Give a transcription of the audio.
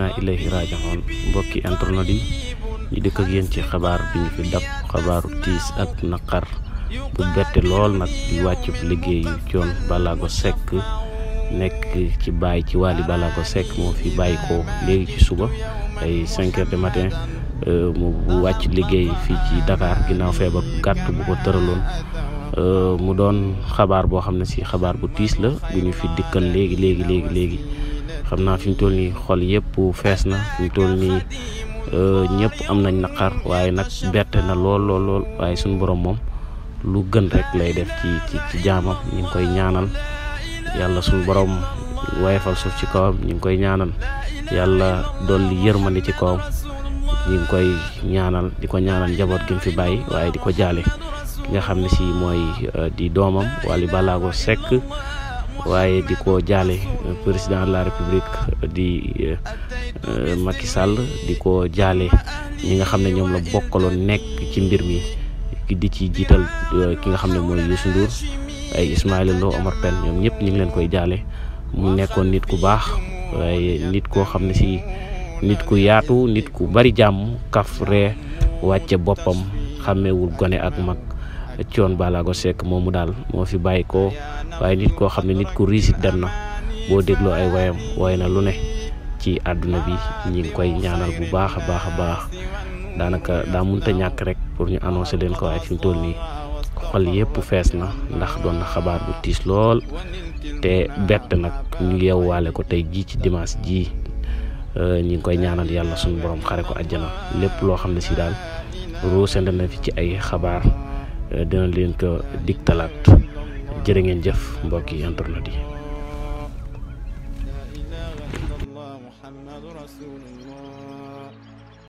inna ilayhi raji'un mbokki internet yi ñu dëkk ak yéen ci xabaar bi fi dab xabaaru tiis ak naqar bu bette lool nag wàcc liggéey liggéeyu Thione Ballago sekk nekk ci bàyyi ci Wally Ballago Seck moo fi bàyyi ko léegi ci suba ay 5 heures matin matin euh, mu wàcc liggéey fii ci Dakar ginnaaw feebar bu gàtt bu ko tëraloon euh, mu doon xabaar boo xam ne si xabaar bu tiis la bu fi dikkal léegi léegi léegi léegi xam naa fi mu toll nii xol yëpp fees na fi mu toll nii euh, ñëpp am nañ naqar waaye nag bette na lool lool waaye suñu boroom moom lu gën rek lay def ci ci ci jaamam ñu ngi koy ñaanal yàlla suñu borom wayfal suuf ci kawam ñu ngi koy ñaanal yàlla dolli yërmande ci kawam ñu ngi koy ñaanal di ko ñaanal njaboot gi mu fi bàyyi waaye di ko jaale ki nga xam ne si mooy euh, di doomam Wally Ballago Seck waaye di ko jaale euh, président de la république di euh, euh, Macky Sall di ko jaale ñi nga xam ne ñoom la bokkaloon nekk ci mbir mi di ci jiital ki nga xam ne mooy Youssou Ndour ay Ismaïla Lo Omar Pène ñoom ñëpp ñu ngi leen koy jaale mu nekkoon nit ku baax waaye nit koo xam ne si nit ku yaatu nit ku bari jàmm kaf ree wàcce boppam xàmmewul gone ak mag bala go sek momu dal mo fi bayiko ko nit ko xamni nit ku risit dem na bo deglo ay wayam way na lu ne ci aduna bi ñi ngi koy ñaanal bu baax a baax a baax daanaka ta munta rek pour ñu annoncer ko ay fi mu ni xol yépp fess na ndax doon na xabar bu tiis lool te bett nak ñu yeewwaale ko tay ji ci dimanche euh ñi ngi koy ñaanal yalla suñu borom xare ko aljana lépp lo xam ci dal daal na fi ci ay xabar Eh, dina leen ko digtalaat jërë ngeen jëf mbokki internet yi